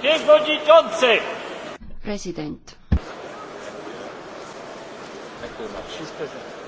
Przewodniczący! Prezydent. Dziękuję bardzo.